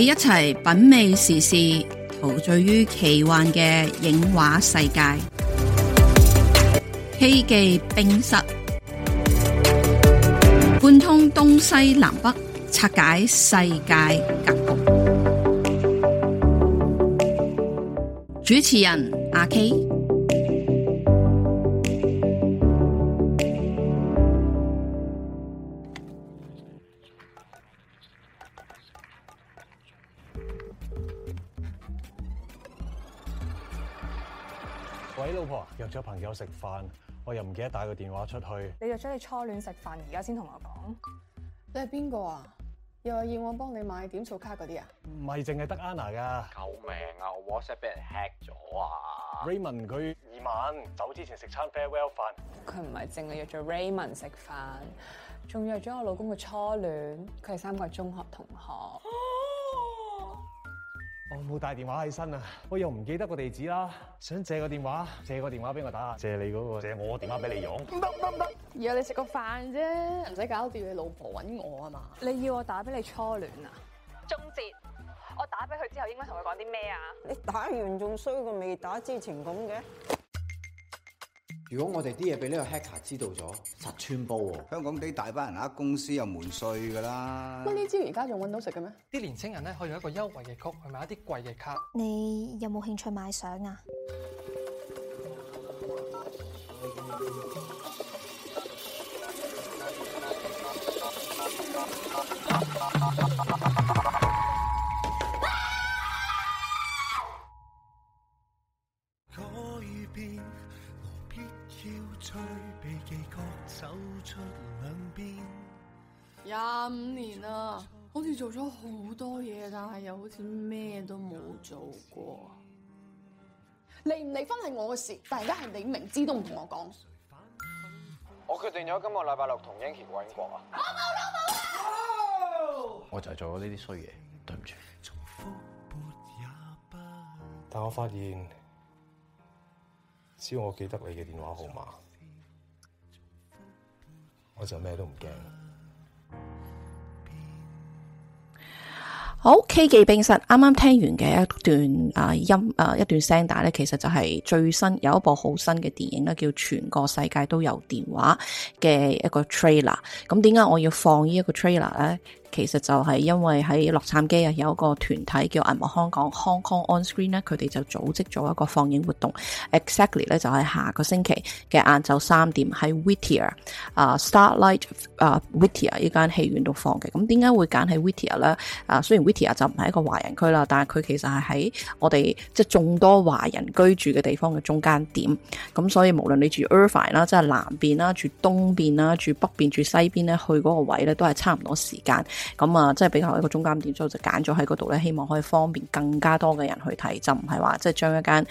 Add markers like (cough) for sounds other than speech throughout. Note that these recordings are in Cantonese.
你一齊品味時事，陶醉於奇幻嘅影畫世界。K 記冰室貫通東西南北，拆解世界格局。主持人阿 K。帶個電話出去，你約咗你初戀食飯，而家先同我講，你係邊個啊？又係要我幫你買點數卡嗰啲啊？唔係淨係得 Anna 噶，救命啊！WhatsApp 俾人 hack 咗啊！Raymond 佢二晚走之前食餐 farewell 飯，佢唔係淨係約咗 Raymond 食飯，仲約咗我老公嘅初戀，佢係三個中學同學。 (laughs) 我冇帶電話喺身啊！我又唔記得個地址啦，想借個電話，借個電話俾我打啊。借你嗰個，借我電話俾你用。唔得唔得唔得，吃而家你食個飯啫，唔使搞掂你老婆揾我啊嘛！你要我打俾你初戀啊？終結，我打俾佢之後應該同佢講啲咩啊？你打完仲衰過未打之前咁嘅？如果我哋啲嘢俾呢個黑客知道咗，實穿煲喎，香港啲大班人喺公司又瞞稅㗎啦。乜呢招而家仲揾到食嘅咩？啲年青人咧，可以用一個優惠嘅曲去買一啲貴嘅卡。你有冇興趣買相啊？做咗好多嘢，但係又好似咩都冇做過。離唔離婚係我嘅事，但係而家係你明知都唔同我講。我決定咗今日禮拜六同英杰過英國啊！我冇，我冇啊！No! 我就係做咗呢啲衰嘢，對唔住。但我發現，只要我記得你嘅電話號碼，我就咩都唔驚。好，K 記冰室啱啱聽完嘅一段啊音啊一段聲帶咧，其實就係最新有一部好新嘅電影咧，叫《全個世界都有電話》嘅一個 trailer，嗯。咁點解我要放呢一個 trailer 咧？其實就係因為喺洛杉磯啊，有一個團體叫銀幕香港 （Hong Kong On Screen） 咧，佢哋就組織咗一個放映活動。Exactly 咧，就喺下個星期嘅晏晝三點在 Whittier, uh, uh，這戲院放的，喺 Whittier 啊 Starlight 啊 Whittier 呢間戲院度放嘅。咁點解會揀喺 Whittier 咧？啊，雖然 Whittier 就唔係一個華人區啦，但係佢其實係喺我哋即係眾多華人居住嘅地方嘅中間點。咁所以無論你住 Irvine 啦，即係南邊啦，住東邊啦，住北邊，住西邊咧，去嗰個位咧都係差唔多時間。咁啊，即係比較一個中間點，所以就揀咗喺嗰度咧，希望可以方便更加多嘅人去睇，就唔係話即係將一間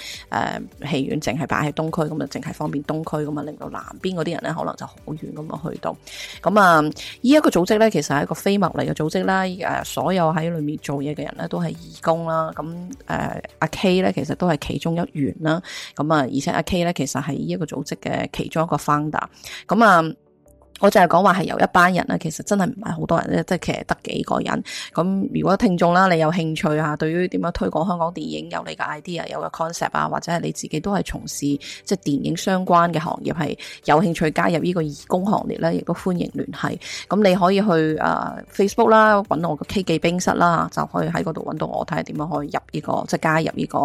誒戲院淨係擺喺東區，咁就淨係方便東區，咁啊令到南邊嗰啲人咧，可能就好遠咁啊去到。咁啊，依、呃、一、這個組織咧，其實係一個非牟利嘅組織啦。誒、呃，所有喺裏面做嘢嘅人咧，都係義工啦。咁誒，阿、呃、K 咧，其實都係其中一員啦。咁啊，而且阿 K 咧，其實係呢一個組織嘅其中一個 founder。咁、呃、啊。我就係講話係由一班人啦，其實真係唔係好多人咧，即係其實得幾個人。咁如果聽眾啦，你有興趣啊，對於點樣推廣香港電影，有你嘅 idea，有個 concept 啊，或者係你自己都係從事即係電影相關嘅行業，係有興趣加入呢個義工行列咧，亦都歡迎聯繫。咁你可以去誒 Facebook 啦，搵我個 K 記冰室啦，就可以喺嗰度搵到我，睇下點樣可以入呢個即係加入呢個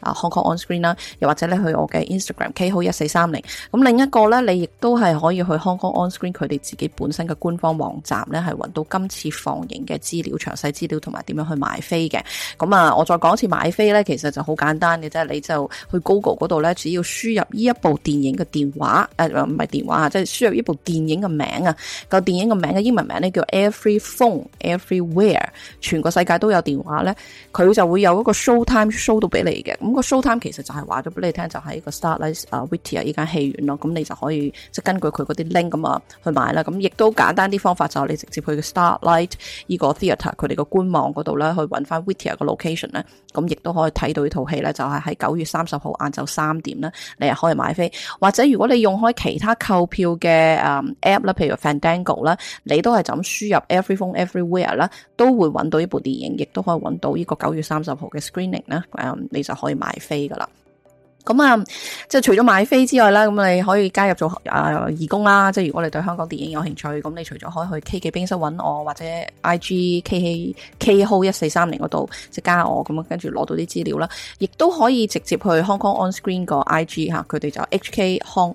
啊 Hong Kong On Screen 啦，又或者你去我嘅 Instagram K 好一四三零。咁另一個咧，你亦都係可以去 Hong Kong On Screen。佢哋自己本身嘅官方網站呢，係揾到今次放映嘅資料、詳細資料同埋點樣去買飛嘅。咁啊，我再講一次買飛呢，其實就好簡單嘅啫，你就去 Google 嗰度呢，只要輸入呢一部電影嘅電話，誒唔係電話啊，即係輸入呢部電影嘅名啊。個電影嘅名嘅英文名呢，叫 Every Phone Everywhere，全個世界都有電話呢，佢就會有一個 show time show 到俾你嘅。咁個 show time 其實就係話咗俾你聽，就喺個 Starlight 啊、uh,，Whittier 啊依間戲院咯。咁你就可以即根據佢嗰啲 link 咁啊。去買啦，咁亦都簡單啲方法就係你直接去 Starlight 依個 theatre 佢哋個官網嗰度咧，去搵翻 Whittier 嘅 location 咧，咁亦都可以睇到呢套戲咧，就係喺九月三十號晏晝三點啦，你又可以買飛。或者如果你用開其他購票嘅誒 app 啦，譬如 Fandango 啦，你都係就咁輸入 Everything Everywhere 啦，都會搵到呢部電影，亦都可以搵到呢個九月三十號嘅 screening 啦，誒你就可以買飛噶啦。咁、嗯、啊，即係除咗買飛之外啦，咁你可以加入做啊、呃、義工啦。即係如果你對香港電影有興趣，咁你除咗可以去 K 記冰室搵我，或者 I G KayHo 一四三零嗰、就、度、是、即加我，咁跟住攞到啲資料啦，亦都可以直接去 Hong Kong On Screen 個 I G 嚇，佢哋就 H K Hong。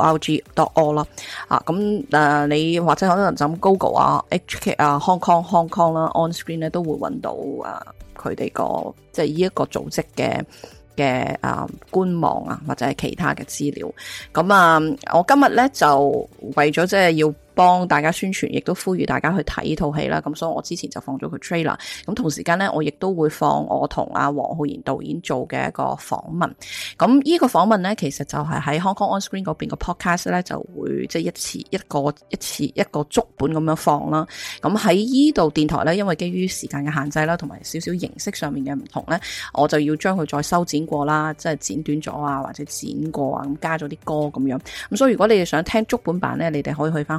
Olg. dot org 啦，啊咁誒，你或者可能就咁 Google 啊，HK 啊，Hong Kong，Hong Kong 啦 Hong Kong,，On Screen 咧都會揾到啊，佢哋個即係呢一個組織嘅嘅啊官網啊，或者係其他嘅資料。咁啊，我今日咧就為咗即係要。幫大家宣傳，亦都呼籲大家去睇呢套戲啦。咁所以我之前就放咗佢 trailer。咁同時間呢，我亦都會放我同阿黃浩然導演做嘅一個訪問。咁呢個訪問呢，其實就係喺 Hong Kong On Screen 嗰邊個 podcast 呢，就會即係一次一個一次一個足本咁樣放啦。咁喺呢度電台呢，因為基於時間嘅限制啦，同埋少少形式上面嘅唔同呢，我就要將佢再修剪過啦，即係剪短咗啊，或者剪過啊，咁加咗啲歌咁樣。咁所以如果你哋想聽足本版呢，你哋可以去返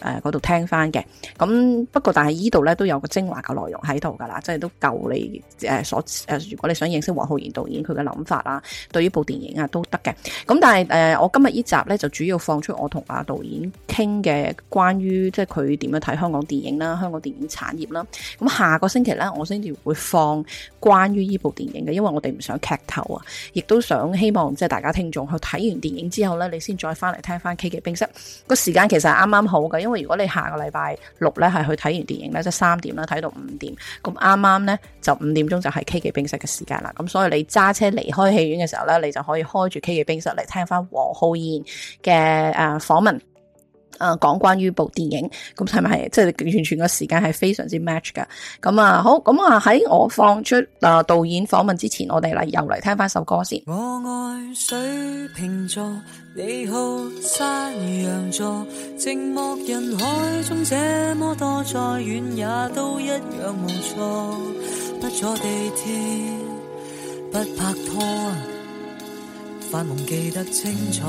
誒嗰度聽翻嘅，咁不過但係依度咧都有個精華嘅內容喺度㗎啦，即係都夠你、呃、所、呃、如果你想認識黃浩然導演佢嘅諗法啊，對於部電影啊都得嘅。咁但係、呃、我今日依集咧就主要放出我同阿導演傾嘅關於即係佢點樣睇香港電影啦、香港電影產業啦。咁下個星期咧，我先至會放關於呢部電影嘅，因為我哋唔想劇透啊，亦都想希望即係大家聽眾去睇完電影之後咧，你先再翻嚟聽翻 K 記冰室，那個時間其實係啱啱好嘅。因為如果你下個禮拜六咧係去睇完電影咧，即係三點咧睇到五點，咁啱啱咧就五點鐘就係 K 記冰室嘅時間啦。咁所以你揸車離開戲院嘅時候咧，你就可以開住 K 記冰室嚟聽翻黃浩然嘅誒訪問。啊講關於部電影，咁係咪係即係完全個時間係非常之 match 㗎。咁啊好，咁啊喺我放出啊導演訪問之前，我哋嚟又嚟聽返首歌先。我愛水瓶座，你好山羊座，寂寞人海中，這麼多，再遠也都一樣，無錯，不坐地鐵不拍拖發夢記得清楚，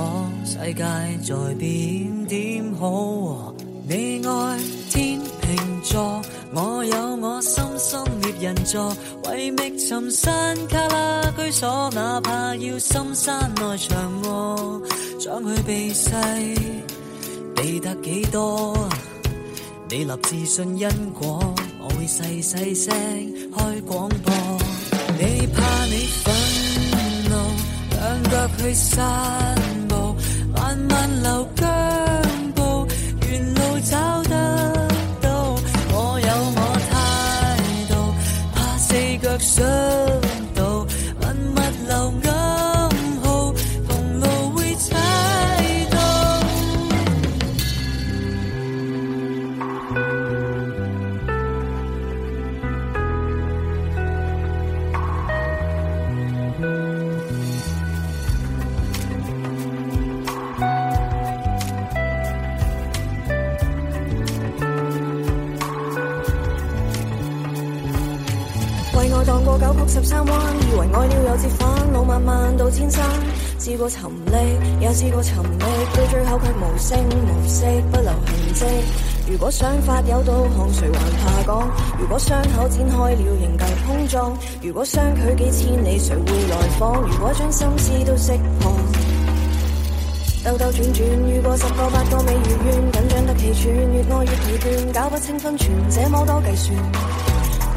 世界在變，點好？你愛天秤座，我有我深深獵人座，為覓尋山卡拉居所，哪怕要深山內長臥，將去避世，避得幾多？你立自信因果，我會細細聲開廣播，你怕你瞓。腳去散步，慢慢留腳步，沿路找得到，我有我態度，怕四腳上。我蕩過九曲十三彎，以為愛了有折返，路漫漫到千山。試過沉溺，也試過沉溺，到最，最後卻無聲無息，不留痕跡。如果想法有導，看誰還怕講？如果傷口展開了，仍舊碰撞。如果相距幾千里，誰會來訪？如果將心思都釋放，兜兜轉轉遇過十個八個未如願，緊張得氣喘，越愛越疲倦，搞不清分寸，這麼多計算。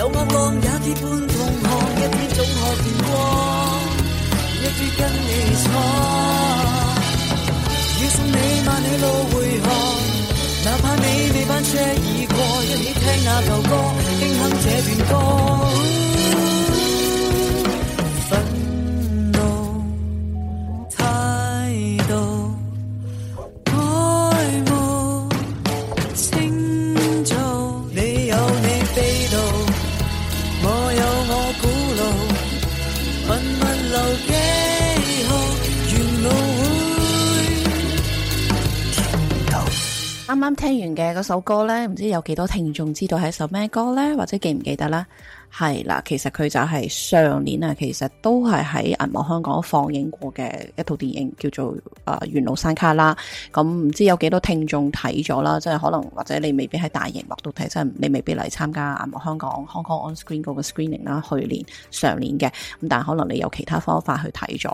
有惡浪也結伴同行，一天總可見光，一於跟你闖。要送你萬里路回航，哪怕你未班車已過，一起聽那舊歌，輕哼這段歌。嗰首歌咧，唔知有幾多聽眾知道，係一首咩歌咧，或者記唔記得啦？係啦，其實佢就係上年啊，其實都係喺銀幕香港放映過嘅一套電影，叫做《啊、呃、緣路山旮旯》啦。咁、嗯、唔知有幾多聽眾睇咗啦？即係可能或者你未必喺大螢幕度睇，即係你未必嚟參加銀幕香港 Hong Kong On Screen 嗰個 screening 啦。去年上年嘅，咁但係可能你有其他方法去睇咗。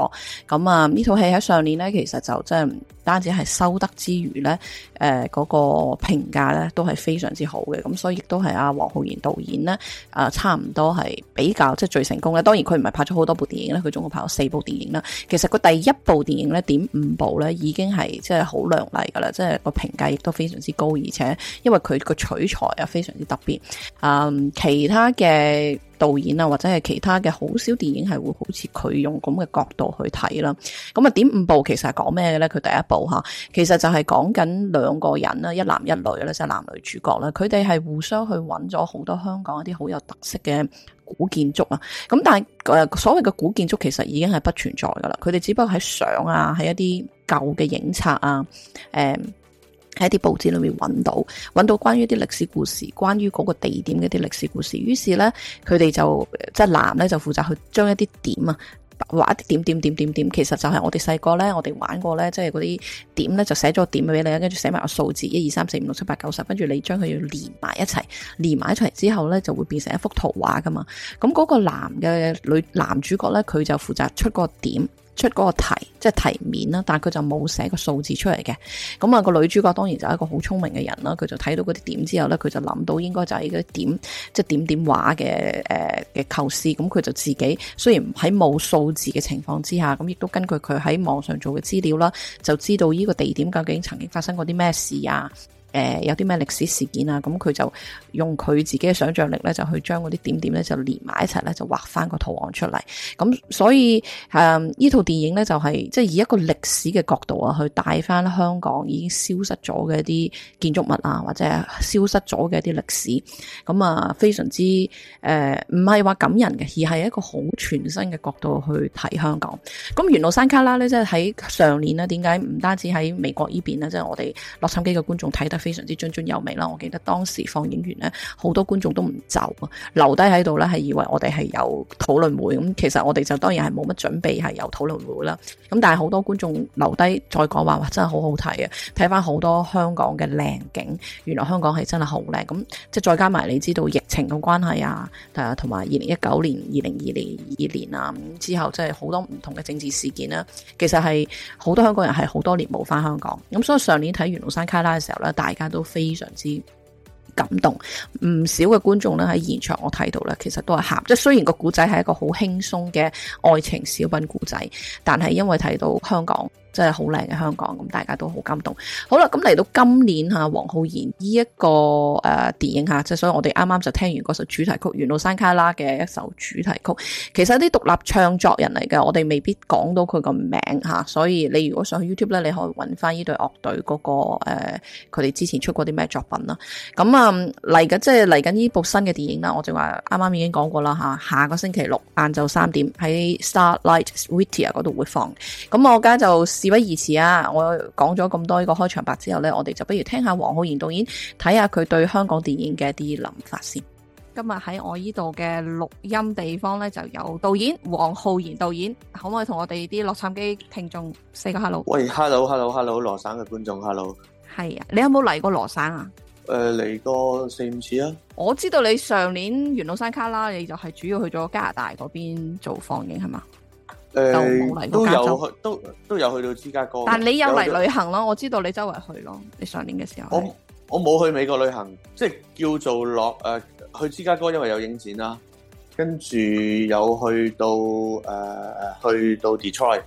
咁、嗯、啊，呢套戲喺上年呢，其實就真係唔單止係收得之餘呢，誒、呃、嗰、那個評價呢都係非常之好嘅。咁所以亦都係阿黃浩然導演呢，咧、呃，誒差唔。都係比較，即係最成功咧，當然佢唔係拍咗好多部電影咧，佢總共拍咗四部電影啦。其實佢第一部電影咧，點五部咧，已經係即係好亮麗噶啦，即係個評價亦都非常之高，而且因為佢個取材啊非常之特別，嗯，其他嘅。導演啊，或者係其他嘅好少電影係會好似佢用咁嘅角度去睇啦。咁啊，點五部其實係講咩嘅咧？佢第一部吓，其實就係講緊兩個人啦，一男一女啦，即係男女主角啦。佢哋係互相去揾咗好多香港一啲好有特色嘅古建築啊。咁但係誒，所謂嘅古建築其實已經係不存在噶啦。佢哋只不過喺相啊，喺一啲舊嘅影冊啊，誒、嗯。喺啲報紙裏面揾到，揾到關於啲歷史故事，關於嗰個地點嘅啲歷史故事。於是呢，佢哋就即係男呢，就負責去將一啲點啊，畫一啲點點點點點。其實就係我哋細個呢，我哋玩過呢，即係嗰啲點呢，就寫咗個點俾你，跟住寫埋個數字，一二三四五六七八九十，跟住你將佢要連埋一齊，連埋一齊之後呢，就會變成一幅圖畫噶嘛。咁嗰個男嘅女男主角呢，佢就負責出個點。出嗰個題，即係題面啦，但係佢就冇寫個數字出嚟嘅。咁啊，個女主角當然就係一個好聰明嘅人啦，佢就睇到嗰啲點之後呢，佢就諗到應該就係呢啲點，即係點點畫嘅誒嘅構思。咁佢就自己雖然喺冇數字嘅情況之下，咁亦都根據佢喺網上做嘅資料啦，就知道呢個地點究竟曾經發生過啲咩事啊。誒、呃，有啲咩歷史事件啊？咁佢就用佢自己嘅想象力咧，就去將嗰啲點點咧就連埋一齊咧，就畫翻個圖案出嚟。咁所以誒，呢套電影咧就係即係以一個歷史嘅角度啊，去帶翻香港已經消失咗嘅一啲建築物啊，或者係消失咗嘅一啲歷史。咁啊，非常之誒，唔係話感人嘅，而係一個好全新嘅角度去睇香港。咁緣路山旮旯咧，即係喺上年呢，點解唔單止喺美國呢邊呢？即係我哋洛杉磯嘅觀眾睇得，非常之津津有味啦！我記得當時放映完呢，好多觀眾都唔走啊，留低喺度呢係以為我哋係有討論會咁。其實我哋就當然係冇乜準備係有討論會啦。咁但係好多觀眾留低再講話話真係好好睇啊，睇翻好多香港嘅靚景，原來香港係真係好靚。咁即係再加埋你知道疫情嘅關係啊，誒同埋二零一九年、二零二零二年啊，咁之後即係好多唔同嘅政治事件啦。其實係好多香港人係好多年冇翻香港，咁所以上年睇《緣路山旮旯》嘅時候呢，大大家都非常之感動，唔少嘅觀眾咧喺現場，我睇到咧，其實都係喊。即雖然個古仔係一個好輕鬆嘅愛情小品古仔，但係因為睇到香港。真係好靚嘅香港咁，大家都好感動。好啦，咁嚟到今年嚇，黃浩然呢一個誒、呃、電影，即係所以我哋啱啱就聽完嗰首主題曲《沿路山卡拉》嘅一首主題曲。其實啲獨立唱作人嚟嘅，我哋未必講到佢個名嚇，所以你如果上去 YouTube 咧，你可以搵翻呢隊樂隊嗰、嗰個佢哋、呃、之前出過啲咩作品啦。咁啊嚟緊，即係嚟緊呢部新嘅電影啦。我就話啱啱已經講過啦，下個星期六晏晝三點喺 Starlight Studio 嗰度會放。咁我而家就。事不宜遲啊！我講咗咁多呢個開場白之後呢，我哋就不如聽下黃浩然導演睇下佢對香港電影嘅一啲諗法先。今日喺我呢度嘅錄音地方呢，就有導演黃浩然導演，可唔可以同我哋啲洛杉磯聽眾四個 hello？喂，hello，hello，hello，羅省嘅觀眾，hello。係啊，你有冇嚟過羅省啊？誒、呃，嚟過四五次啊！我知道你上年元朗山卡拉，你就係主要去咗加拿大嗰邊做放映係嘛？是誒、呃、都有去，都都有去到芝加哥。但你有嚟旅行咯，我知道你周圍去咯。你上年嘅時候，我我冇去美國旅行，即係叫做落誒去芝加哥因、啊呃，因為有影展啦。跟住有去到誒去到 Detroit，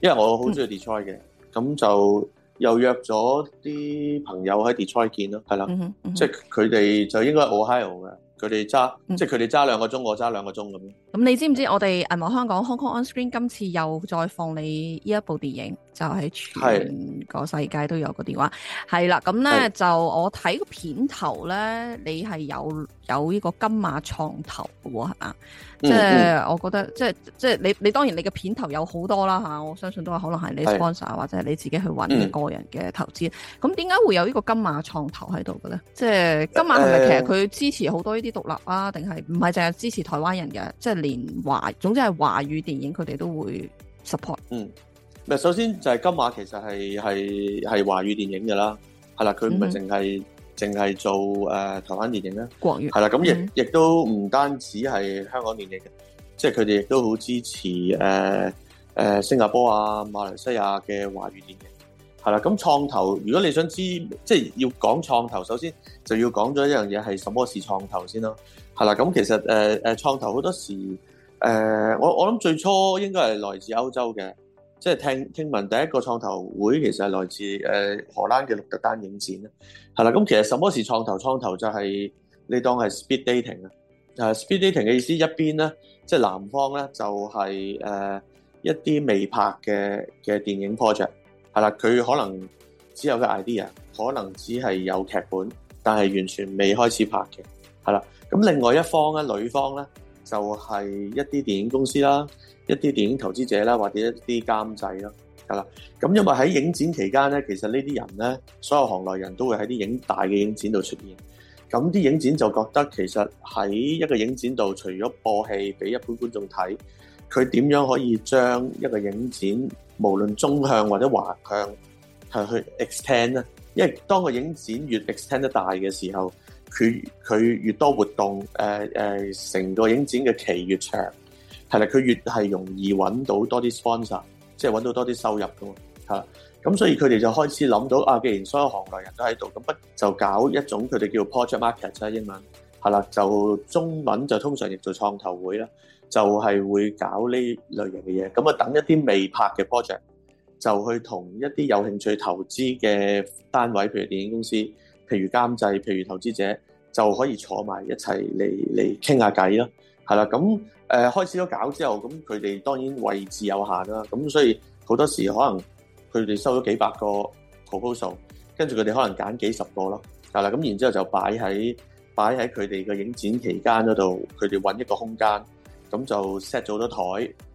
因為我好中意 Detroit 嘅，咁就又約咗啲朋友喺 Detroit 見咯、啊，係啦，嗯嗯、即係佢哋就應該係 Ohio 嘅，佢哋揸即係佢哋揸兩個鐘，我揸兩個鐘咁樣。咁你知唔知我哋銀幕香港 Hong Kong On Screen 今次又再放你依一部電影，就喺、是、全個世界都有個電話，係啦。咁咧就我睇個片頭咧，你係有有呢個金馬創投嘅喎，係嘛？即、嗯、係、嗯、我覺得，即係即係你你當然你嘅片頭有好多啦吓，我相信都係可能係你 sponsor 或者係你自己去揾個人嘅投資，咁點解會有呢個金馬創投喺度嘅咧？即係金馬係咪其實佢支持好多呢啲獨立啊？定係唔係淨係支持台灣人嘅？即係。連華，總之係華語電影，佢哋都會 support。嗯，首先就係金馬，其實係係係華語電影嘅啦，係啦，佢唔係淨係淨係做誒、呃、台灣電影呢國語啦，係、嗯、啦，咁亦亦都唔單止係香港電影嘅，即係佢哋亦都好支持誒誒、呃呃、新加坡啊、馬來西亞嘅華語電影，係啦。咁、嗯、創投，如果你想知，即係要講創投，首先就要講咗一樣嘢係什麼是創投先啦。係啦，咁其實誒誒、呃、創投好多時誒、呃，我我諗最初應該係來自歐洲嘅，即、就、係、是、聽聽聞第一個創投會其實係來自誒、呃、荷蘭嘅鹿特丹影展啦。係啦，咁、嗯、其實什麼是創投？創投就係、是、你當係 speed dating 啊，speed dating 嘅意思一邊咧，即、就、係、是、男方咧就係、是、誒、呃、一啲未拍嘅嘅電影 project，係啦，佢可能只有個 idea，可能只係有劇本，但係完全未開始拍嘅，係啦。咁另外一方咧，女方咧就係一啲電影公司啦，一啲電影投資者啦，或者一啲監製咯，係啦。咁因為喺影展期間咧，其實呢啲人咧，所有行內人都會喺啲影大嘅影展度出現。咁啲影展就覺得其實喺一個影展度，除咗播戲俾一般觀眾睇，佢點樣可以將一個影展無論中向或者橫向係去 extend 咧？因為當個影展越 extend 得大嘅時候，佢佢越多活動，誒成個影展嘅期越長，係啦，佢越係容易揾到多啲 sponsor，即係揾到多啲收入㗎嘛。咁所以佢哋就開始諗到啊，既然所有韓國人都喺度，咁不就搞一種佢哋叫 project market 啫，英文係啦，就中文就通常亦做創投會啦，就係會搞呢類型嘅嘢，咁啊等一啲未拍嘅 project 就去同一啲有興趣投資嘅單位，譬如電影公司，譬如監製，譬如投資者，就可以坐埋一齊嚟嚟傾下偈咯，係啦。咁誒、呃、開始咗搞之後，咁佢哋當然位置有限啦。咁所以好多時可能佢哋收咗幾百個 proposal，跟住佢哋可能揀幾十個咯，係啦。咁然之後就擺喺擺喺佢哋嘅影展期間嗰度，佢哋揾一個空間，咁就 set 咗好多台，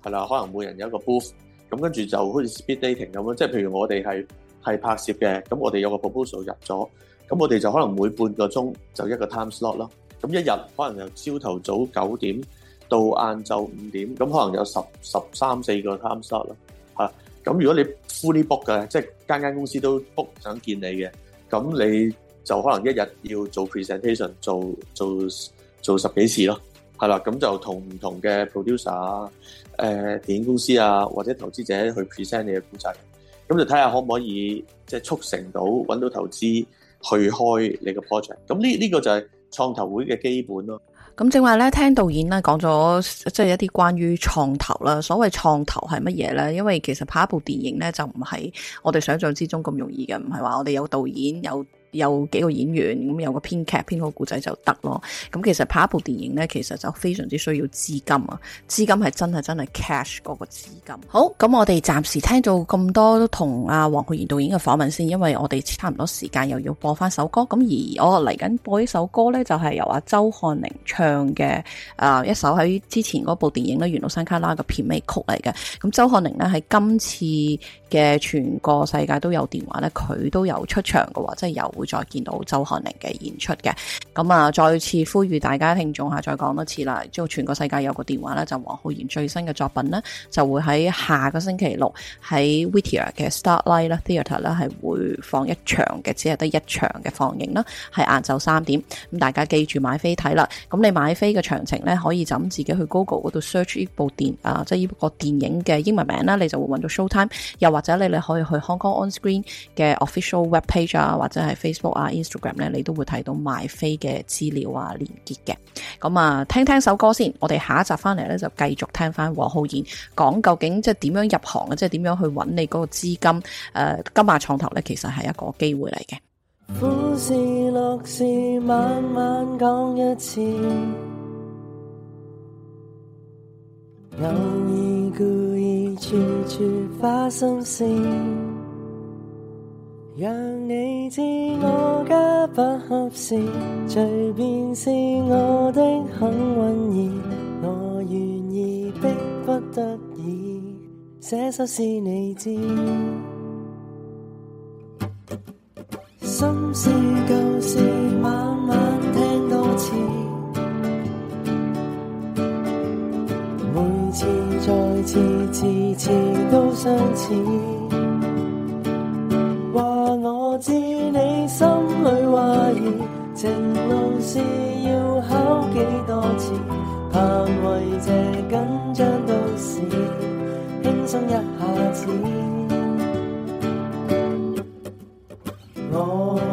係啦。可能每人有一個 booth，咁跟住就好似 speed dating 咁樣，即係譬如我哋係係拍攝嘅，咁我哋有個 proposal 入咗。咁我哋就可能每半個鐘就一個 time slot 咯。咁一日可能由朝頭早九點到晏晝五點，咁可能有十十三四個 time slot 咯。嚇，咁如果你 fully book 嘅，即係間間公司都 book 想見你嘅，咁你就可能一日要做 presentation，做做做十幾次咯。係啦，咁就同唔同嘅 producer，誒、啊呃、電影公司啊，或者投資者去 present 你嘅故仔，咁就睇下可唔可以即係促成到揾到投資。去開你個 project，咁呢呢個就係創投會嘅基本咯。咁正話咧，聽導演咧講咗，即係一啲關於創投啦。所謂創投係乜嘢咧？因為其實拍一部電影咧，就唔係我哋想象之中咁容易嘅，唔係話我哋有導演有。有幾個演員咁有個編劇編個故仔就得咯。咁其實拍一部電影呢，其實就非常之需要資金啊！資金係真係真係 cash 嗰個資金。好，咁我哋暫時聽到咁多同阿黃浩然導演嘅訪問先，因為我哋差唔多時間又要播翻首歌。咁而我嚟緊播呢首歌呢，就係由阿周漢寧唱嘅啊一首喺之前嗰部電影呢《緣路山旮旯》嘅片尾曲嚟嘅。咁周漢寧呢，喺今次嘅全個世界都有電話呢，佢都有出場嘅喎，即係有。會再見到周漢寧嘅演出嘅，咁啊，再次呼籲大家聽眾下，再講多次啦。即全個世界都有電話咧，就是，黃浩然最新嘅作品咧，就會喺下個星期六喺 Whittier 嘅 Starlight 啦 Theater 啦係會放一場嘅，只係得一場嘅放映啦，係晏晝三點。咁大家記住買飛睇啦。咁你買飛嘅詳情咧，可以就咁自己去 Google 嗰度 search 呢部電啊，即係呢個電影嘅英文名啦，你就會揾到 show time。又或者你哋可以去 Hong Kong On Screen 嘅 official web page 啊，或者係 Facebook 啊，Instagram 咧，你都會睇到賣飛嘅資料啊，連結嘅。咁啊，聽聽首歌先。我哋下一集翻嚟咧，就繼續聽翻黃浩然講究竟即係點樣入行啊，即係點樣去揾你嗰個資金誒，金馬創投咧，其實係一個機會嚟嘅。讓你知我家不合時，隨便是我的幸運意。我願意迫不得已，寫首詩你知。心事舊事，晚晚聽多次，每次再次，次次都相似。我知你心裏懷疑，情路是要考幾多次，盼為這緊張都市輕鬆一下子。我。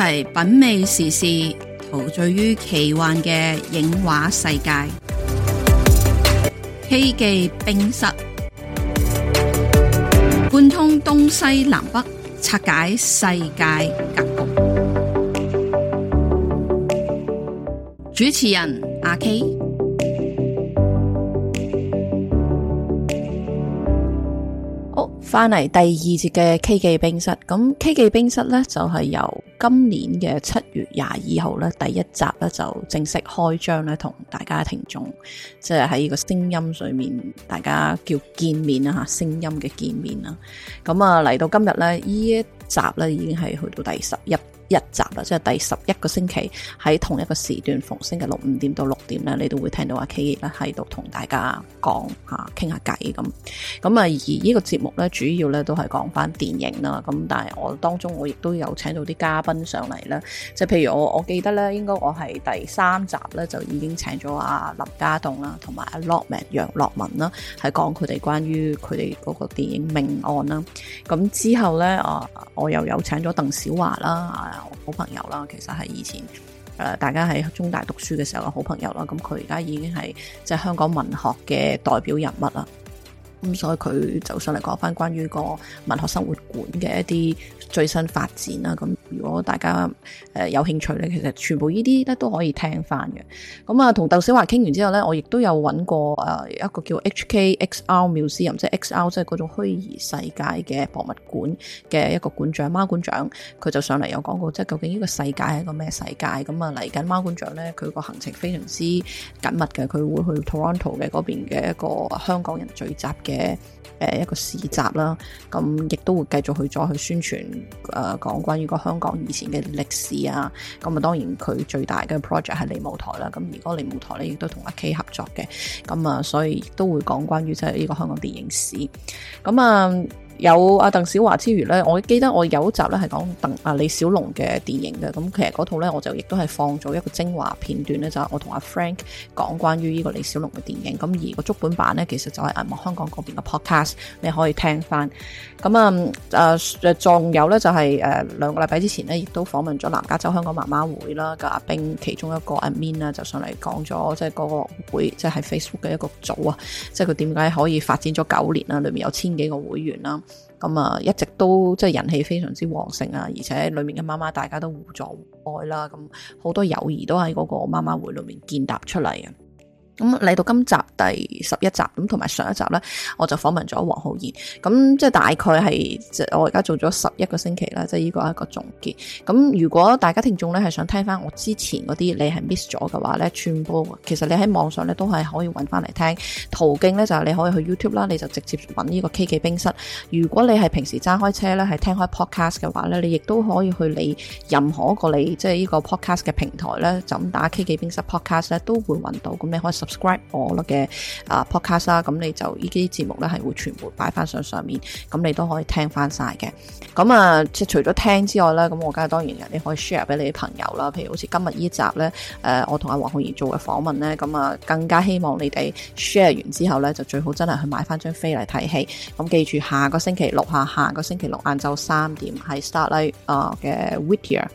係品味時事，陶醉於奇幻嘅影畫世界。K 記冰室貫通東西南北，拆解世界格局。主持人阿 K，好翻嚟第二節嘅 K 記冰室。咁 K 記冰室咧就係由。今年嘅七月廿二號咧，第一集咧就正式開張咧，同大家聽眾，即係喺個聲音上面，大家叫見面啦吓，聲音嘅見面啦，咁啊嚟到今日咧，呢一集咧已經係去到第十一一集啦，即係第十一個星期喺同一個時段，逢星期六五點到六點咧，你都會聽到阿 K 咧喺度同大家講吓傾下偈咁。咁啊，而呢個節目咧，主要咧都係講翻電影啦。咁但係我當中我亦都有請到啲嘉賓上嚟咧，即係譬如我我記得咧，應該我係第三集咧就已經請咗阿林家棟啦，同埋阿 Lokman、楊樂文啦，係講佢哋關於佢哋嗰個電影命案啦。咁之後咧啊，我又有請咗鄧小華啦。好朋友啦，其實係以前、呃、大家喺中大讀書嘅時候嘅好朋友啦。咁佢而家已經係即係香港文學嘅代表人物啦。咁、嗯、所以佢就上嚟講翻關於個文學生活館嘅一啲最新發展啦。咁如果大家誒、呃、有興趣咧，其實全部呢啲咧都可以聽翻嘅。咁、嗯、啊，同鄧小華傾完之後咧，我亦都有揾過誒、呃、一個叫 HKXR Museum，即係 XR 即係嗰種虛擬世界嘅博物館嘅一個館長，貓館長，佢就上嚟有講過，即係究竟呢個世界係一個咩世界？咁啊嚟緊貓館長咧，佢個行程非常之緊密嘅，佢會去 Toronto 嘅嗰邊嘅一個香港人聚集嘅。嘅誒，一個市集啦，咁亦都會繼續去再去宣傳誒，講、呃、關於個香港以前嘅歷史啊，咁啊當然佢最大嘅 project 係利舞台啦，咁如果利舞台咧亦都同阿 K 合作嘅，咁啊所以都會講關於即係呢個香港電影史，咁啊。有阿鄧小華之餘呢我記得我有一集呢係講鄧啊李小龍嘅電影嘅，咁其實嗰套呢，我就亦都係放咗一個精華片段呢就係、是、我同阿 Frank 講關於呢個李小龍嘅電影，咁而個足本版呢，其實就係喺香港嗰邊嘅 podcast，你可以聽翻。咁啊，誒誒，仲有咧就係、是、誒、啊、兩個禮拜之前咧，亦都訪問咗南加州香港媽媽會啦，個阿冰其中一個阿 Min 啊，就上嚟講咗，即係嗰個會，即、就、係、是、Facebook 嘅一個組啊，即係佢點解可以發展咗九年啦，裏面有千幾個會員啦，咁啊一直都即係、就是、人氣非常之旺盛啊，而且裏面嘅媽媽大家都互助互愛啦，咁好多友誼都喺嗰個媽媽會裏面建立出嚟啊。咁嚟到今集第十一集咁，同埋上一集咧，我就訪問咗黃浩然。咁即係大概係我而家做咗十一個星期啦，即係呢個係一個總結。咁如果大家聽眾呢係想聽翻我之前嗰啲你係 miss 咗嘅話呢，全部其實你喺網上呢都係可以揾翻嚟聽。途徑呢就係你可以去 YouTube 啦，你就直接揾呢個 K 記冰室。如果你係平時揸開車呢，係聽開 podcast 嘅話呢，你亦都可以去你任何一個你即係呢個 podcast 嘅平台呢，就咁打 K 記冰室 podcast 呢都會揾到。咁你可以 subscribe 我嘅啊 podcast 啦，咁你就呢啲節目咧係會全部擺翻上上面，咁你都可以聽翻晒嘅。咁啊，即除咗聽之外咧，咁我梗係當然，你可以 share 俾你啲朋友啦。譬如好似今日依集咧，誒、呃，我同阿黃浩然做嘅訪問咧，咁啊，更加希望你哋 share 完之後咧，就最好真係去買翻張飛嚟睇戲。咁記住下下，下個星期六下下個星期六晏晝三點喺 Starlight 啊嘅 Whittier。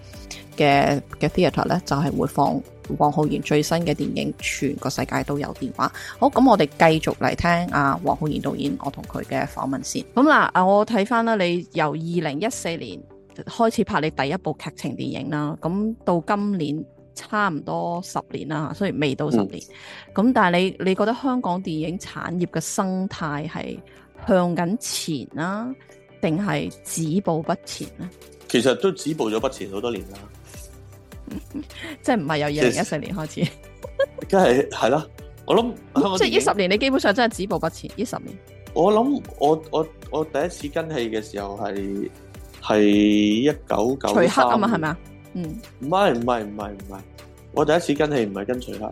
嘅嘅 theatre 咧，就係會放黃浩然最新嘅電影《全個世界都有電話》。好，咁我哋繼續嚟聽阿黃浩然導演，我同佢嘅訪問先。咁、嗯、嗱，我睇翻啦，你由二零一四年開始拍你第一部劇情電影啦，咁到今年差唔多十年啦，吓，雖然未到十年，咁、嗯、但係你你覺得香港電影產業嘅生態係向緊前啦，定係止步不前呢？其實都止步咗不前好多年啦。 (laughs) 即係唔係由二零一四年開始，我想 (laughs) 梗係係啦，我諗即係呢十年，你基本上真係止步不前。呢十年，我諗我我我第一次跟戲嘅時候係係一九九徐克啊嘛係咪啊？嗯，唔係唔係唔係唔係，我第一次跟戲唔係跟徐克，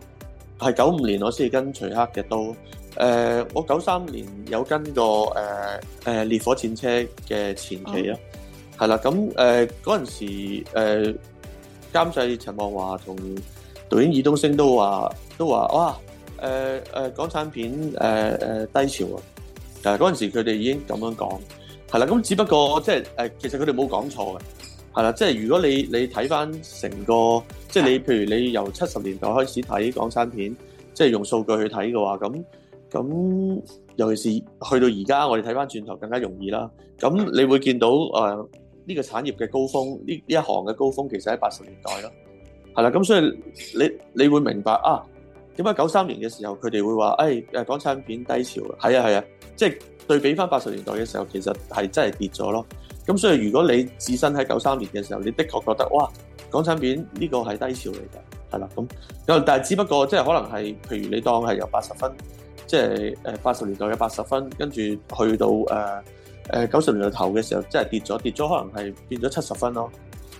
係九五年我先跟徐克嘅。都、呃、誒，我九三年有跟過誒誒烈火戰車嘅前期咯，係啦咁誒嗰陣時誒。呃監製陳莫華同導演爾冬陞都話都話哇誒誒、呃呃、港產片誒誒、呃呃、低潮啊，誒嗰陣時佢哋已經咁樣講係啦，咁只不過即係誒、呃、其實佢哋冇講錯嘅係啦，即係如果你你睇翻成個即係你譬如你由七十年代開始睇港產片，即係用數據去睇嘅話，咁咁尤其是去到而家，我哋睇翻轉頭更加容易啦。咁你會見到誒。呃呢、這個產業嘅高峰，呢呢一行嘅高峰其實喺八十年代咯，係啦，咁所以你你會明白啊，點解九三年嘅時候佢哋會話，誒、哎、誒港產片低潮，係啊係啊，即係、就是、對比返八十年代嘅時候，其實係真係跌咗咯。咁所以如果你置身喺九三年嘅時候，你的確覺得，哇，港產片呢個係低潮嚟嘅。係啦，咁又但係只不過即係可能係，譬如你當係由八十分，即係誒八十年代嘅八十分，跟住去到誒。呃誒九十年代頭嘅時候，即係跌咗，跌咗可能係變咗七十分咯。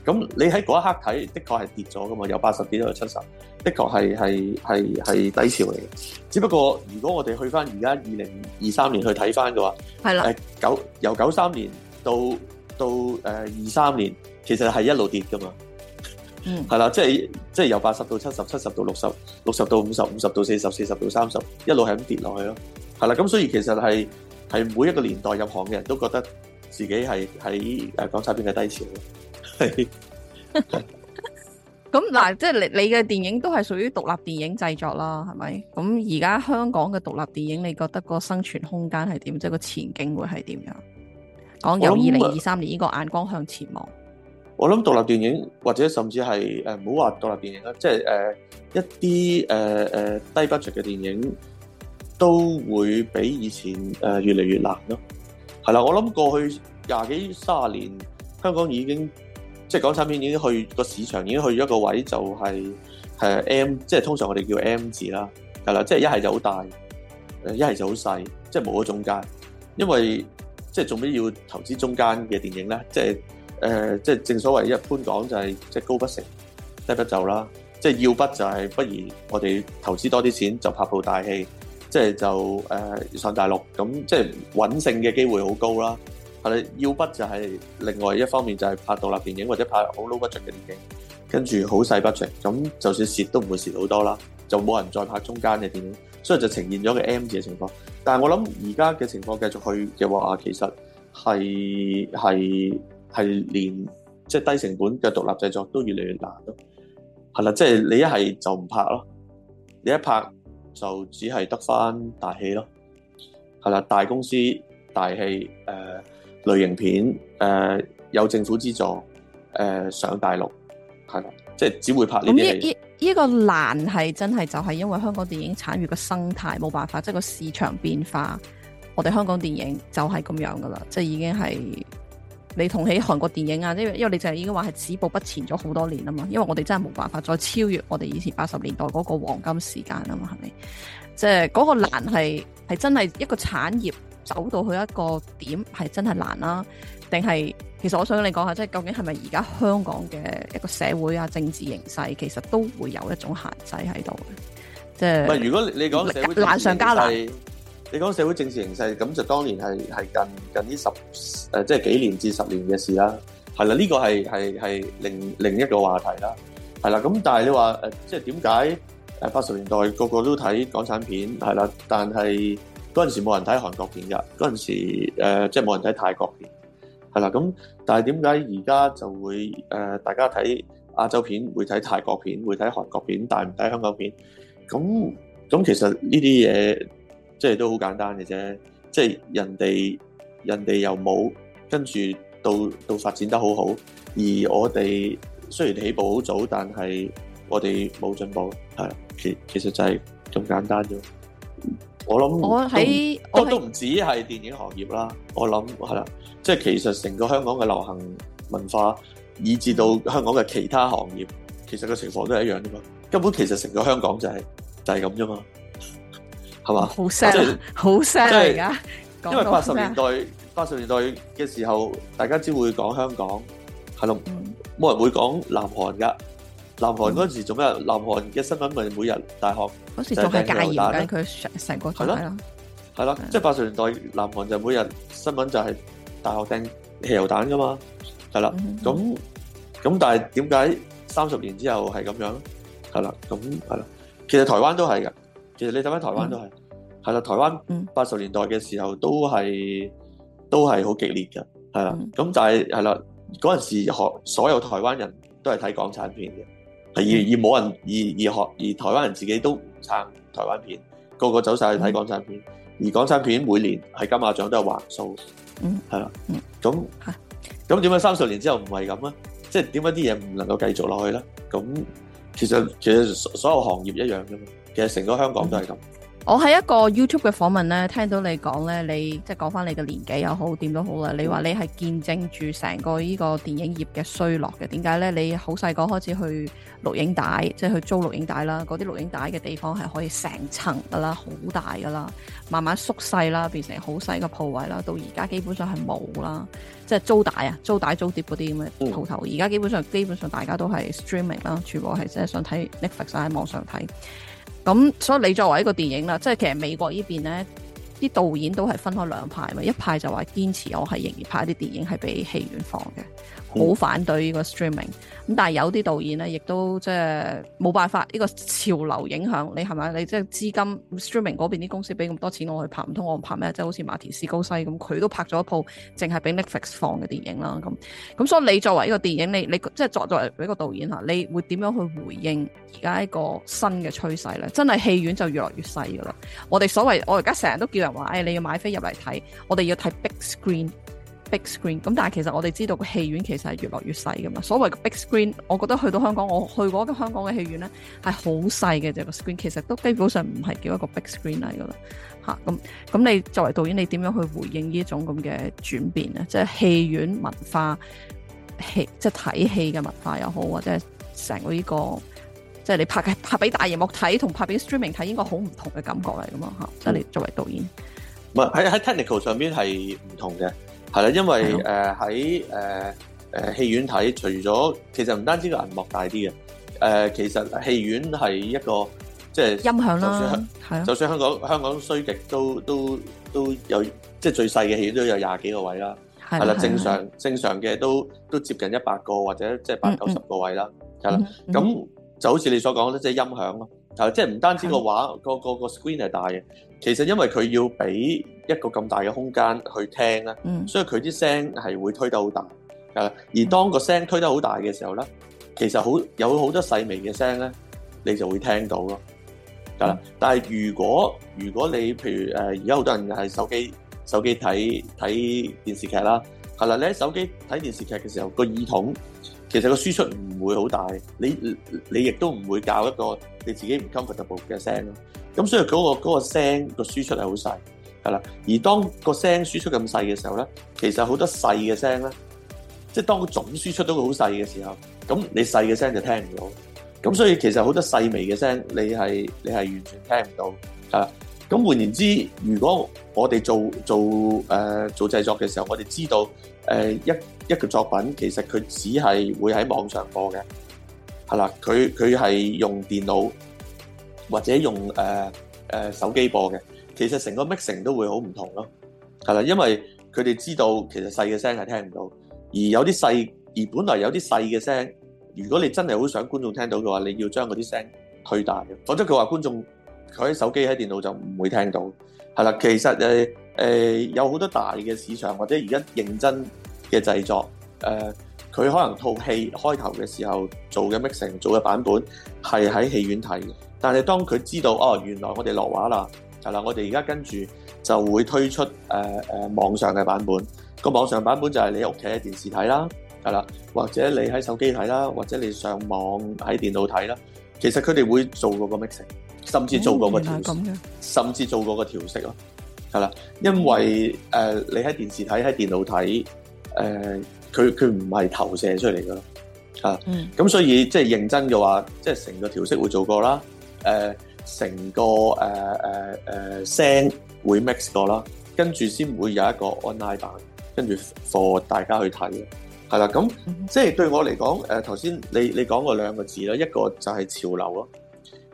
咁你喺嗰一刻睇，的確係跌咗㗎嘛，由八十跌到去七十，的確係係係係低潮嚟嘅。只不過如果我哋去返而家二零二三年去睇返嘅話，係啦、呃，九由九三年到到誒二三年，其實係一路跌㗎嘛。嗯，係啦，即係即係由八十到七十，七十到六十，六十到五十，五十到四十，四十到三十，一路係咁跌落去咯。係啦，咁所以其實係。係每一個年代入行嘅人都覺得自己係喺誒港產片嘅低潮係。咁嗱，即係你你嘅電影都係屬於獨立電影製作啦，係咪？咁而家香港嘅獨立電影，你覺得個生存空間係點？即係個前景會係點樣？講有二零二三年呢個眼光向前望。我諗獨立電影或者甚至係誒唔好話獨立電影啦，即係誒一啲誒誒低 budget 嘅電影。都會比以前越嚟越難咯。係啦，我諗過去廿幾三十年，香港已經即係、就是、港產片已經去個市場已經去咗一個位、就是，是 M, 就係 M，即係通常我哋叫 M 字啦。係啦，即係一係就好、是、大，一係就好細，即係冇咗中間，因為即係做咩要投資中間嘅電影咧？即係即係正所謂一般講就係、是、即、就是、高不成低不就啦。即、就、係、是、要不就係不如我哋投資多啲錢就拍部大戲。即係就誒、呃、上大陸咁，即係穩勝嘅機會好高啦。係啦，要不就係、是、另外一方面就係拍獨立電影或者拍好 low budget 嘅電影，跟住好細 budget。咁就算蝕都唔會蝕好多啦，就冇人再拍中間嘅電影，所以就呈現咗個 M 字嘅情況。但係我諗而家嘅情況繼續去嘅話，其實係係係連即係、就是、低成本嘅獨立製作都越嚟越難咯。係啦，即係你一係就唔拍咯，你一拍。就只係得翻大戲咯，係啦，大公司大戲，誒、呃、類型片，誒、呃、有政府資助，誒、呃、上大陸，係啦，即係只會拍呢啲。呢呢呢個難係真係就係因為香港電影產業嘅生態冇辦法，即、就、係、是、個市場變化，我哋香港電影就係咁樣噶啦，即、就、係、是、已經係。你同起韓國電影啊，因為因為你就係已經話係止步不前咗好多年啊嘛，因為我哋真係冇辦法再超越我哋以前八十年代嗰個黃金時間啊嘛，係咪？即係嗰個難係真係一個產業走到去一個點係真係難啦，啊，定係其實我想你講下，即係究竟係咪而家香港嘅一個社會啊政治形勢其實都會有一種限制喺度嘅，即係唔係？如果你你講難上加難。你講社會政治形勢，咁就當年係係近近呢十誒即係幾年至十年嘅事啦。係啦，呢個係係係另另一個話題啦。係啦，咁但係你話誒，即係點解誒八十年代個個都睇港產片係啦，但係嗰陣時冇人睇韓國片㗎，嗰陣時誒即係冇人睇泰國片係啦。咁但係點解而家就會誒大家睇亞洲片會睇泰國片會睇韓國片，但係唔睇香港片？咁咁其實呢啲嘢。即係都好簡單嘅啫，即係人哋人哋又冇跟住到到發展得好好，而我哋雖然起步好早，但係我哋冇進步，係啦，其其實就係咁簡單啫。我諗我喺都唔止係電影行業啦，我諗係啦，即係其實成個香港嘅流行文化，以至到香港嘅其他行業，其實個情況都係一樣噶嘛，根本其實成個香港就係，就係咁啫嘛。係嘛？好腥，好腥而家。因為八十年代，八十年代嘅時候，大家只會講香港，係、嗯、咯，冇人會講南韓噶。南韓嗰陣時做咩？南韓嘅新聞咪每日大學就。嗰時仲係戒嚴，佢成成個台咯。係咯，即係八十年代，南韓就每日新聞就係大學掟汽油彈噶嘛。係啦，咁、嗯、咁，但係點解三十年之後係咁樣？係啦，咁係啦，其實台灣都係噶。其實你睇翻台灣都係，係、嗯、啦，台灣八十年代嘅時候都係、嗯、都係好激烈噶，係啦，咁、嗯、但係係啦，嗰陣時候學所有台灣人都係睇港產片嘅、嗯，而而冇人而而學而台灣人自己都唔撐台灣片，個個走晒去睇港產片、嗯，而港產片每年係金馬獎都有橫掃，嗯，係、嗯、啦，咁咁點解三十年之後唔係咁咧？即係點解啲嘢唔能夠繼續落去咧？咁其實其實所有行業一樣噶。其實成個香港都係咁、嗯。我喺一個 YouTube 嘅訪問咧，聽到你講咧，你即係講翻你嘅年紀又好點都好啦。你話你係見證住成個依個電影業嘅衰落嘅。點解咧？你好細個開始去錄影帶，即係去租錄影帶啦。嗰啲錄影帶嘅地方係可以成層噶啦，好大噶啦。慢慢縮細啦，變成好細嘅鋪位啦。到而家基本上係冇啦，即係租帶啊，租帶租碟嗰啲咁嘅鋪頭。而、嗯、家基本上基本上大家都係 streaming 啦，全部係即係想睇 Netflix 喺網上睇。咁所以你作為一個電影啦，即係其實美國呢邊咧，啲導演都係分開兩派嘛，一派就話堅持我係仍然拍啲電影係俾戲院放嘅。冇、嗯、反對呢個 streaming，咁但係有啲導演咧，亦都即係冇辦法呢個潮流影響你，係咪你即係資金 streaming 嗰邊啲公司俾咁多錢我去拍唔通，我唔拍咩？即係好似馬田斯高西咁，佢都拍咗一套淨係俾 Netflix 放嘅電影啦。咁咁，所以你作為呢個電影，你你即係作，作為一個導演嚇，你會點樣去回應而家一個新嘅趨勢咧？真係戲院就越嚟越細㗎啦！我哋所謂我而家成日都叫人話、哎，你要買飛入嚟睇，我哋要睇 big screen。big screen 咁，但係其實我哋知道個戲院其實係越嚟越細噶嘛。所謂個 big screen，我覺得去到香港，我去過嘅香港嘅戲院咧係好細嘅，就個 screen 其實都基本上唔係叫一個 big screen 嚟噶啦。吓咁咁，你作為導演，你點樣去回應呢一種咁嘅轉變咧？即係戲院文化，戲即係睇戲嘅文化又好，或者係成個呢個，即係你拍嘅拍俾大熒幕睇同拍俾 streaming 睇，應該好唔同嘅感覺嚟噶嘛？吓、嗯，即係你作為導演，唔係喺喺 technical 上邊係唔同嘅。係啦，因為誒喺誒誒戲院睇，除咗其實唔單止個銀幕大啲嘅，誒、呃、其實戲院係一個即係、就是、音響啦。係啊，就算香港香港衰極都都都有，即係最細嘅戲院都有廿幾個位啦。係啦，正常正常嘅都都接近一百個或者即係八九十個位啦。係、嗯、啦、嗯，咁、嗯嗯嗯、就好似你所講咧，即、就、係、是、音響咯。即係唔單止個畫個個個 screen 係大嘅，其實因為佢要俾一個咁大嘅空間去聽咧、嗯，所以佢啲聲係會推得好大。係啦！而當個聲推得好大嘅時候咧，其實好有好多細微嘅聲咧，你就會聽到咯。係啦、嗯！但係如果如果你譬如誒，而家好多人又係手機手機睇睇電視劇啦，係啦，你喺手機睇電視劇嘅時候、這個耳筒。其實個輸出唔會好大，你你亦都唔會搞一個你自己唔 comfortable 嘅聲咯。咁所以嗰個嗰個聲個輸出係好細，係啦。而當個聲輸出咁細嘅時候咧，其實好多細嘅聲咧，即係當個總輸出都好細嘅時候，咁你細嘅聲就聽唔到。咁所以其實好多細微嘅聲，你係你係完全聽唔到，係啦。咁換言之，如果我哋做做誒做製作嘅時候，我哋知道誒一。一個作品，其實佢只係會喺網上播嘅，係啦。佢佢係用電腦或者用誒誒、呃呃、手機播嘅。其實成個 mixing 都會好唔同咯，係啦，因為佢哋知道其實細嘅聲係聽唔到，而有啲細而本來有啲細嘅聲，如果你真係好想觀眾聽到嘅話，你要將嗰啲聲推大嘅。否則佢話觀眾佢喺手機喺電腦就唔會聽到，係啦。其實誒誒、呃、有好多大嘅市場或者而家認真嘅製作，誒、呃、佢可能套戲開頭嘅時候做嘅 mixing 做嘅版本係喺戲院睇嘅，但係當佢知道哦，原來我哋落畫啦，係啦，我哋而家跟住就會推出誒誒、呃、網上嘅版本。個網上版本就係你屋企喺電視睇啦，係啦，或者你喺手機睇啦，或者你上網喺電腦睇啦。其實佢哋會做過個 mixing，甚至做過個調色，甚至做過個調色咯，係啦，因為誒、呃、你喺電視睇喺電腦睇。誒、呃，佢佢唔係投射出嚟噶，嚇、啊。咁、嗯、所以即係、就是、認真嘅話，即係成個調色會做過啦。誒、呃，成個誒誒誒聲會 mix 過啦，跟住先會有一個 online 版，跟住 for 大家去睇。係啦，咁即係對我嚟講，誒頭先你你講過兩個字啦，一個就係潮流咯，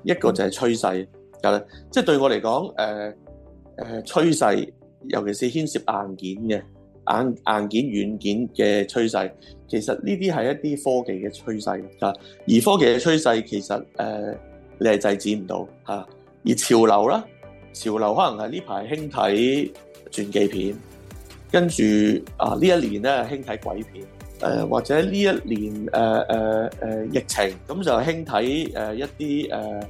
一個就係趨勢。係、嗯、啦，即、就、係、是、對我嚟講，誒、呃、誒趨勢，尤其是牽涉硬件嘅。硬硬件、軟件嘅趨勢，其實呢啲係一啲科技嘅趨勢啊。而科技嘅趨勢其實誒、呃，你係制止唔到嚇。而潮流啦，潮流可能係呢排興睇傳記片，跟住啊呢一年咧興睇鬼片，誒、呃、或者呢一年誒誒誒疫情，咁就興睇誒一啲誒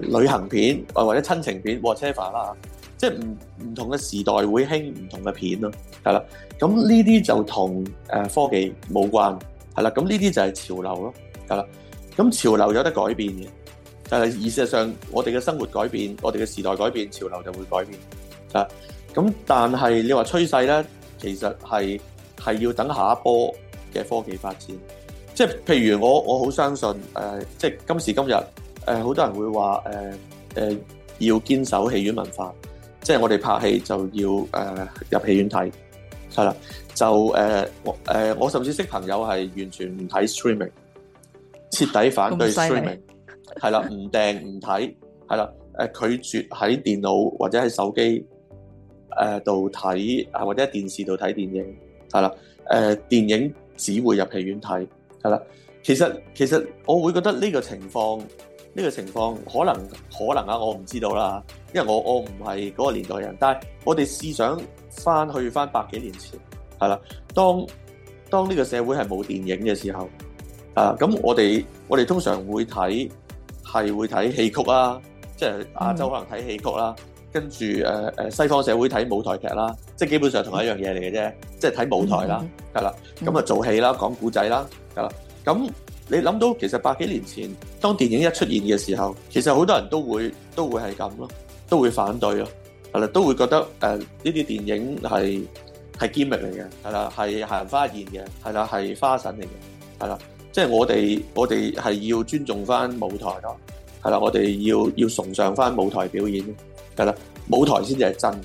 誒旅行片，或者親情片和、哦、whatever 啦。即係唔唔同嘅時代會興唔同嘅片咯，係啦。咁呢啲就同誒科技冇關，係啦。咁呢啲就係潮流咯，係啦。咁潮流有得改變嘅，但係事實上，我哋嘅生活改變，我哋嘅時代改變，潮流就會改變。啊，咁但係你話趨勢咧，其實係係要等下一波嘅科技發展。即係譬如我我好相信誒、呃，即係今時今日誒，呃、好多人會話誒誒要堅守戲院文化。即係我哋拍戲就要誒、呃、入戲院睇，係啦，就誒誒、呃呃、我甚至識朋友係完全唔睇 streaming，徹底反對 streaming，係啦，唔 (laughs) 訂唔睇，係啦，誒拒絕喺電腦或者喺手機誒度睇，或者喺電視度睇電影，係啦，誒、呃、電影只會入戲院睇，係啦，其實其實我會覺得呢個情況。呢個情況可能可能啊，我唔知道啦，因為我我唔係嗰個年代人。但係我哋試想翻去翻百幾年前係啦，當當呢個社會係冇電影嘅時候，啊咁我哋我哋通常會睇係會睇戲曲啊，即係亞洲可能睇戲曲啦、啊嗯，跟住誒誒西方社會睇舞台劇啦、啊，即係基本上係同一樣嘢嚟嘅啫，即係睇舞台啦，得、嗯、啦，咁啊做戲啦，講古仔啦，得啦。咁你諗到其實百幾年前，當電影一出現嘅時候，其實好多人都會都會係咁咯，都會反對咯，係啦，都會覺得誒呢啲電影係係 gimmick 嚟嘅，係啦，係行花嘅，係啦，係花神嚟嘅，係啦，即係我哋我哋係要尊重翻舞台咯，係啦，我哋要要崇尚翻舞台表演，係啦，舞台先至係真，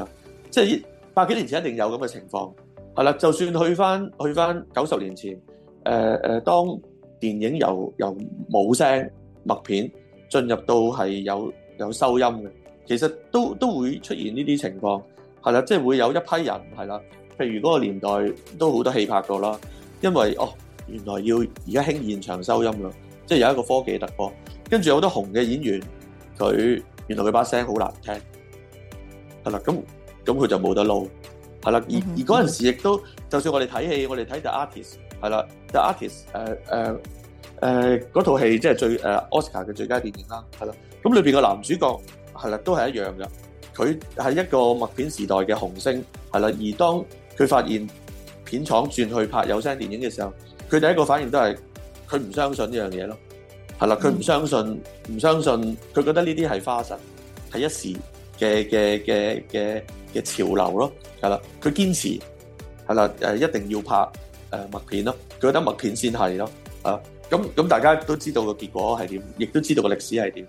誒，即係百幾年前一定有咁嘅情況，係啦，就算去翻去翻九十年前，誒誒當。電影由由冇聲默片進入到係有有收音嘅，其實都都會出現呢啲情況，係啦，即係會有一批人係啦。譬如嗰個年代都好多戲拍過啦，因為哦原來要而家興現場收音啦，即係有一個科技突破，跟住有好多紅嘅演員，佢原來佢把聲好難聽，係啦，咁咁佢就冇得撈，係啦，而而嗰陣時亦都， (laughs) 就算我哋睇戲，我哋睇《The Artist》。係啦，The Artist, 呃呃呃、那就 artist，誒誒誒嗰套戲即係最、呃、Oscar 嘅最佳電影啦，係啦。咁裏邊嘅男主角係啦，都係一樣噶。佢係一個默片時代嘅紅星，係啦。而當佢發現片廠轉去拍有聲電影嘅時候，佢第一個反應都係佢唔相信呢樣嘢咯。係啦，佢唔相信，唔、嗯、相信，佢覺得呢啲係花神，係一時嘅嘅嘅嘅嘅潮流咯。係啦，佢堅持係啦，誒一定要拍。誒、呃、麥片咯，佢覺得麥片先係咯，啊咁咁大家都知道個結果係點，亦都知道個歷史係點，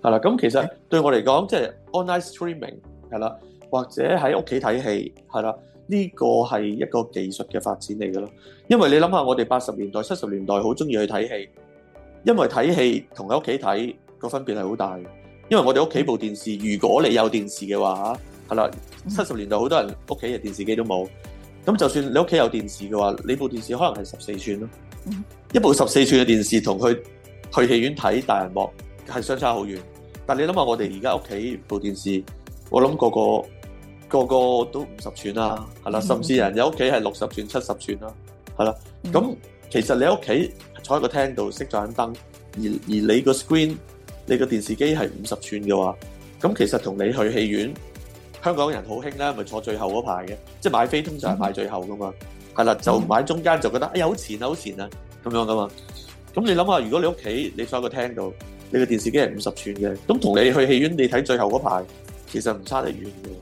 係啦。咁其實對我嚟講，即係 online streaming 係啦，或者喺屋企睇戲係啦，呢個係一個技術嘅發展嚟嘅咯。因為你諗下，我哋八十年代、七十年代好鍾意去睇戲，因為睇戲同喺屋企睇個分別係好大。因為我哋屋企部電視，如果你有電視嘅話，係啦，七十年代好多人屋企嘅電視機都冇。咁就算你屋企有電視嘅話，你部電視可能係十四寸咯，一部十四寸嘅電視同佢去戲院睇大銀幕係相差好遠。但你諗下，我哋而家屋企部電視，我諗個個個個都五十寸啦，係、嗯、啦、嗯，甚至人有屋企係六十寸、七十寸啦，係啦。咁、嗯、其實你屋企坐喺個廳度熄咗盞燈，而而你個 screen、你個電視機係五十寸嘅話，咁其實同你去戲院。香港人好興啦，咪坐最後嗰排嘅，即係買飛通常係買最後噶嘛，係、嗯、啦，就唔買中間就覺得、嗯、哎呀，好前啊，好前啊，咁樣噶嘛。咁你諗下，如果你屋企你坐喺個廳度，你個電視機係五十寸嘅，咁同你去戲院你睇最後嗰排，其實唔差得遠嘅。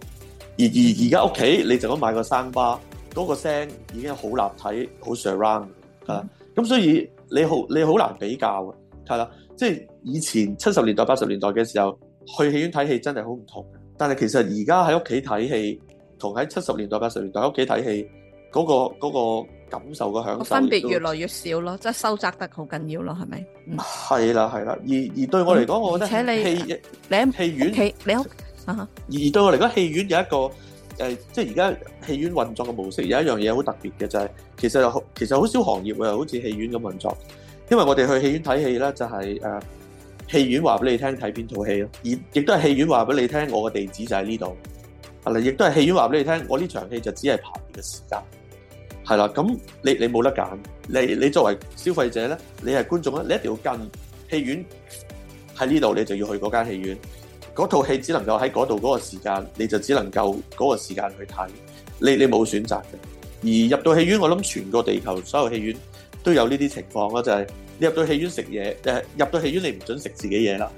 而而而家屋企你就噉買個生巴，嗰個聲已經好立體、好 surround 啊。咁、嗯、所以你好你好難比較嘅，係啦，即係以前七十年代、八十年代嘅時候去戲院睇戲真係好唔同。但係其實而家喺屋企睇戲，同喺七十年代八十年代喺屋企睇戲，嗰個嗰個感受嘅享受，分別越來越少咯，即係收窄得好緊要咯，係咪？係啦係啦，而而對我嚟講，我覺得戲，你喺戲院，戲你屋啊嚇。而對我嚟講，戲院有一個誒，即係而家戲院運作嘅模式，有一樣嘢好特別嘅就係，其實其實好少行業啊，好似戲院咁運作，因為我哋去戲院睇戲咧，就係誒。戲院話俾你聽睇邊套戲咯，而亦都係戲院話俾你聽，我嘅地址就喺呢度，啊啦，亦都係戲院話俾你聽，我呢場戲就只係排嘅時間，係啦，咁你你冇得揀，你你，你作為消費者咧，你係觀眾啊，你一定要跟戲院喺呢度，你就要去嗰間戲院，嗰套戲只能夠喺嗰度嗰個時間，你就只能夠嗰個時間去睇，你你冇選擇嘅，而入到戲院，我諗全個地球所有戲院都有呢啲情況啦，就係、是。你入到戲院食嘢，入到戲院你唔准食自己嘢啦，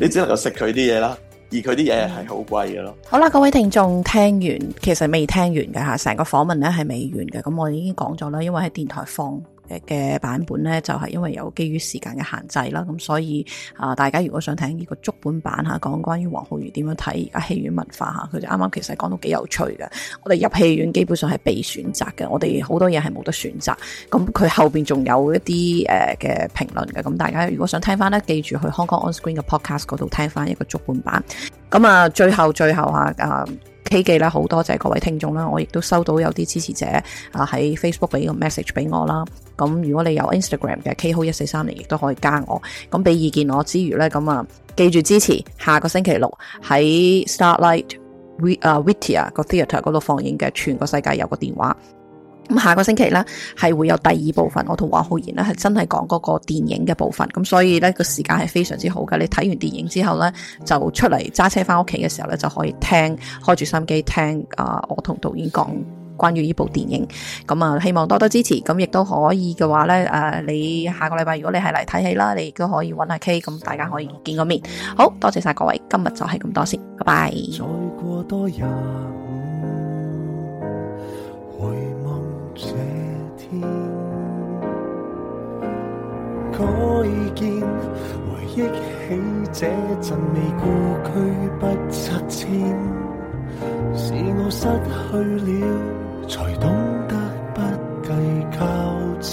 你只能夠食佢啲嘢啦，而佢啲嘢係好貴嘅咯。好啦，各位聽眾聽完，其實未聽完嘅吓，成個訪問咧係未完嘅，咁我哋已經講咗啦，因為喺電台放嘅版本呢，就係、是、因為有基於時間嘅限制啦，咁所以啊、呃，大家如果想聽呢個足本版吓，講關於黃浩然點樣睇而家戲院文化吓，佢哋啱啱其實講到幾有趣嘅。我哋入戲院基本上係被選擇嘅，我哋好多嘢係冇得選擇。咁佢後邊仲有一啲誒嘅評論嘅，咁、呃、大家如果想聽翻呢，記住去 Hong Kong On Screen 嘅 Podcast 嗰度聽翻一個足本版。咁啊，最後最後吓啊！呃 K 記啦，好多謝各位聽眾啦，我亦都收到有啲支持者啊喺 Facebook 俾個 message 俾我啦。咁如果你有 Instagram 嘅 KayHo 一四三零，亦都可以加我。咁俾意見我之餘呢，咁啊，記住支持。下個星期六喺 Starlight We 啊 uh, Whittier 個 theatre 嗰度放映嘅《全個世界都有電話》。咁下個星期呢，係會有第二部分，我同黃浩然呢，係真係講嗰個電影嘅部分。咁所以呢，個時間係非常之好嘅。你睇完電影之後呢，就出嚟揸車翻屋企嘅時候呢，就可以聽開住心機聽啊，我同導演講關於呢部電影。咁啊，希望多多支持。咁亦都可以嘅話呢，誒、啊，你下個禮拜如果你係嚟睇戲啦，你亦都可以揾下 K，咁大家可以見個面。好多謝晒各位，今日就係咁多先，拜拜。再過多日這天，改建，回憶起這陣未故居不拆遷，使我失去了，才懂得不計較錢。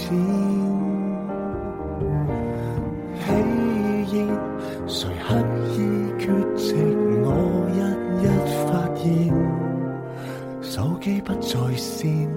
喜宴，誰刻意缺席？我一一發現，手機不在線。